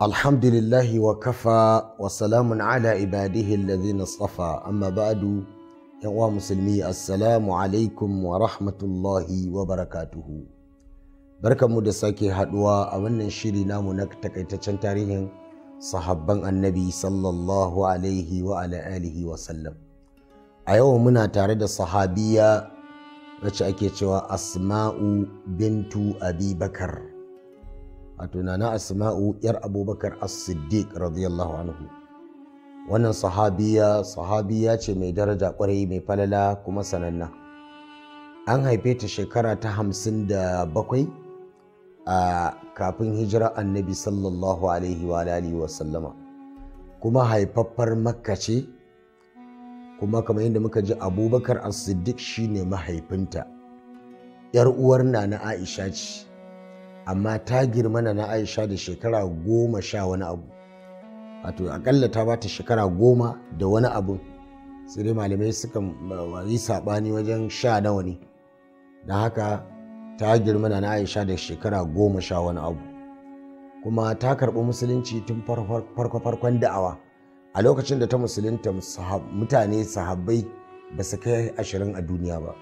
Alhamdulillahi wa kafa wa salamun ala ibaduhu na zina tsafa amma ba'adu ya uwa musulmi asalamu aleikum wa rahmatullahi wa barakatuhu. Barka mudasa ke haɗuwa a wannan shiri namu na takaitaccen tarihin, Sahaban Annabi sallallahu alaihi wa sallam. A yau muna tare da sahabiya ake cewa Asma'u Bintu Abibakar. wato nana asma'u yar abubakar as-siddiq radiyallahu anhu wannan sahabiya sahabiya ce mai daraja kwarai mai falala kuma sananna an haife ta shekara ta hamsin da bakwai a kafin hijira annabi sallallahu alaihi wa alihi wa sallama kuma haifaffar makka ce kuma kamar yadda muka ji abubakar as-siddiq shine mahaifinta yar uwar na na aisha ce amma ta girma na aisha da shekara goma sha wani abu wato akalla ta bata shekara goma da wani abu sai dai malamai suka yi saɓani wajen sha nawa ne da haka ta girma na aisha da shekara goma sha wani abu kuma ta karɓi musulunci tun farko-farkon da'awa a lokacin da ta musulunta mutane sahabbai ba su kai ashirin a duniya ba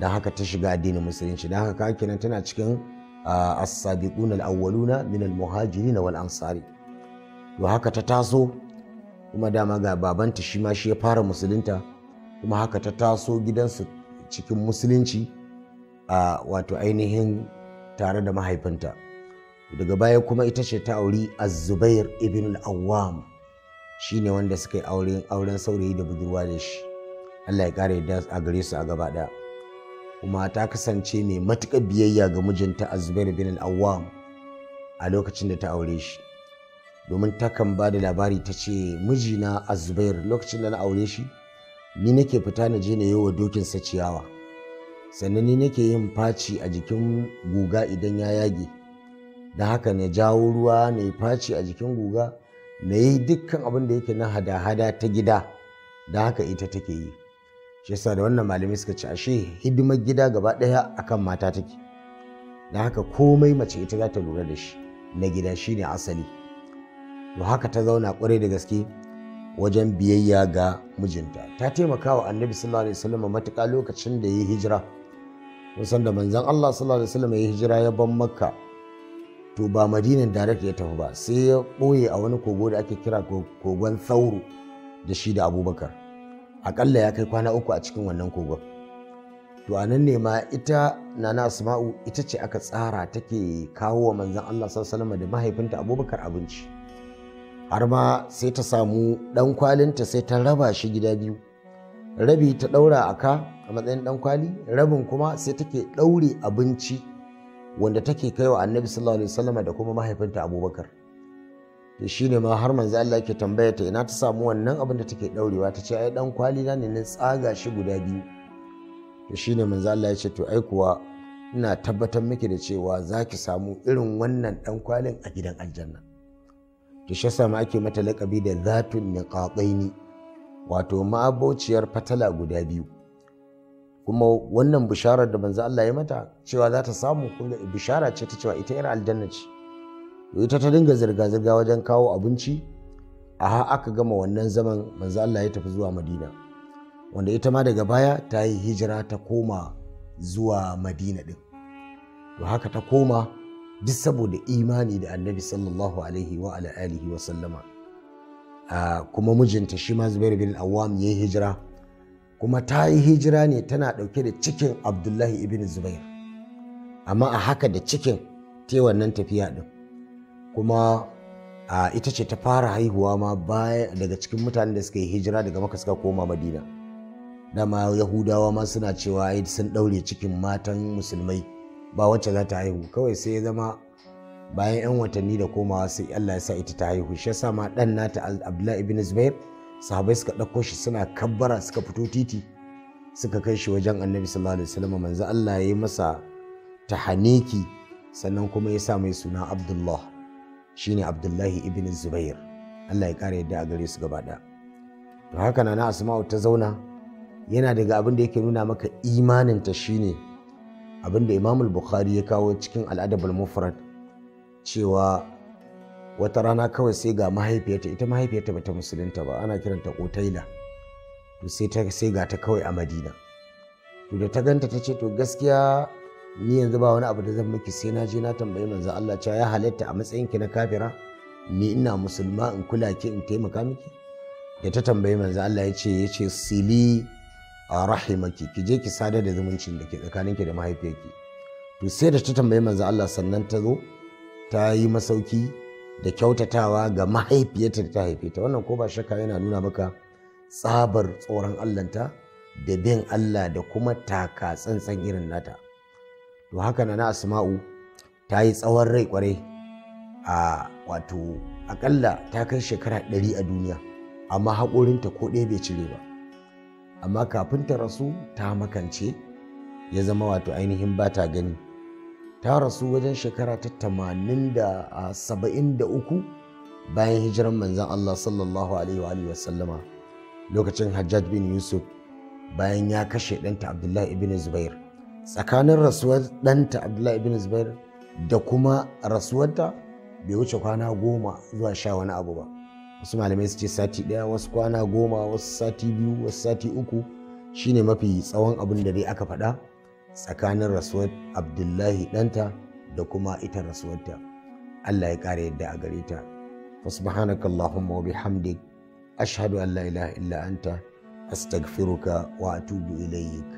da haka ta shiga addinin musulunci don haka kenan tana cikin as-sabiquna al-awwaluna min al-muhajirin wal ansari to haka ta taso kuma dama ga babanta shi ma shi ya fara musulunta kuma haka ta taso gidansu cikin musulunci a wato ainihin tare da mahaifinta daga baya kuma ita ce ta auri az-zubair ibn al-awwam shine wanda suka yi auren saurayi da budurwa da shi Allah ya kare yadda a gare su a gaba ɗaya kuma ta kasance mai matuƙar biyayya ga mijinta a Zubairu bin al'awam a lokacin da ta aure shi domin takan ba da labari ta ce mijina a Zubairu lokacin da na aure shi ni nake fita na je na yi wa dokin sa ciyawa sannan ni nake yin faci a jikin guga idan ya yage da haka na jawo ruwa na yi faci a jikin guga na yi dukkan abin da yake na hada-hada ta gida da haka ita take yi shi yasa da wannan malami suka ce ashe hidimar gida gaba ɗaya akan mata take na haka komai mace ita za ta lura da shi na gida shine asali to haka ta zauna kwarai da gaske wajen biyayya ga mijinta ta taimaka wa annabi sallallahu alaihi wasallam matuƙa lokacin da ya yi hijira san da manzon Allah sallallahu alaihi wasallam ya hijira ya ban makka to ba madinan direct ya tafi ba sai ya ɓoye a wani kogo da ake kira kogon sauro da shi da abubakar akalla ya kai kwana uku a cikin wannan kogon to a ne ma ita nana asma'u ita ce aka tsara take kawo wa manzon Allah sallallahu da mahaifinta abubakar abinci har ma sai ta samu dan kwalinta sai ta raba shi gida biyu rabi ta daura aka a matsayin dan kwali rabin kuma sai take daure abinci wanda take kaiwa annabi sallallahu alaihi da kuma mahaifinta abubakar da shi ne ma har manzo Allah ke tambaya ta ina ta samu wannan abin da take daurewa ta ce ai dan kwali na ne na tsaga shi guda biyu to shi ne manzo Allah ya ce to ai kuwa ina tabbatar miki da cewa za ki samu irin wannan dan kwalin a gidan aljanna to shi yasa ma ake mata lakabi da zatun niqataini wato ma'abociyar fatala guda biyu kuma wannan bisharar da manzo Allah ya mata cewa za ta samu kun bishara ce ta cewa ita 'yar aljanna ce to ita ta dinga zirga-zirga wajen kawo abinci a ha aka gama wannan zaman manzo Allah ya tafi zuwa madina wanda ita ma daga baya ta yi hijira ta koma zuwa madina din to haka ta koma duk saboda imani da annabi sallallahu alaihi wa ala alihi wa sallama ah, kuma mijinta shi ma zubair bin awam ya yi hijira kuma ta yi hijira ne tana ɗauke da cikin abdullahi ibn zubair amma a haka da cikin ta wannan tafiya ɗin kuma a ita ce ta fara haihuwa ma baya daga cikin mutanen da suka yi hijira daga maka suka koma madina dama yahudawa ma suna cewa ai sun ɗaure cikin matan musulmai ba wacce za ta haihu kawai sai ya zama bayan 'yan watanni da komawa sai allah ya sa ita ta haihu shi yasa ma ɗan nata abdullahi ibn zubair sahabai suka ɗauko shi suna kabbara suka fito titi suka kai shi wajen annabi sallallahu alaihi wasallam manzo allah ya yi masa tahaniki sannan kuma ya sa mai suna abdullah shine abdullahi ibn zubair allah ya kara yadda a gare su gaba ɗaya to haka na asma'u ta zauna yana daga abin da yake nuna maka imanin imaninta shine abin da imam bukhari ya kawo cikin al'adabul mufrad cewa wata rana kawai sai ga mahaifiyarta ita mahaifiyarta bata musulunta ba ana kiranta Otaila. to sai ta sai ga ta kawai a madina to da ta ganta ta ce to gaskiya ni yanzu ba wani abu da zan miki sai na je na tambayi manzo Allah cewa ya halatta a matsayin ki na kafira ni ina musulma in kula ki in taimaka miki da ta tambayi manzo Allah ya ce yace sili a rahimaki ki je ki sadar da zumuncin da ke tsakanin ki da mahaifiyarki to sai da ta tambayi manzo Allah sannan ta zo ta yi masauki da kyautatawa ga mahaifiyarta da ta haife ta wannan ko ba shakka yana nuna maka tsabar tsoron Allahnta da bin Allah da kuma taka tsantsan irin nata to haka na asma'u ta yi tsawon rai kwarai a wato akalla ta kai shekara ɗari a duniya amma haƙorinta ko ɗaya bai cire ba amma kafin ta rasu ta makance ya zama wato ainihin ba ta gani ta rasu wajen shekara ta tamanin da saba'in da uku bayan hijiran manzan Allah sallallahu alaihi wa sallama lokacin Hajjaj bin Yusuf bayan ya kashe ɗanta Abdullahi ibn Zubair tsakanin rasuwar ɗanta abdullahi ibn zubair da kuma rasuwarta bai wuce kwana goma zuwa sha wani abu ba wasu malamai su ce sati ɗaya wasu kwana goma wasu sati biyu wasu sati uku shine mafi tsawon abin da dai aka faɗa tsakanin rasuwar abdullahi ɗanta da kuma ita rasuwarta allah ya ƙara yadda a gare ta فسبحانك اللهم وبحمدك أشهد أن لا إله إلا أنت أستغفرك وأتوب إليك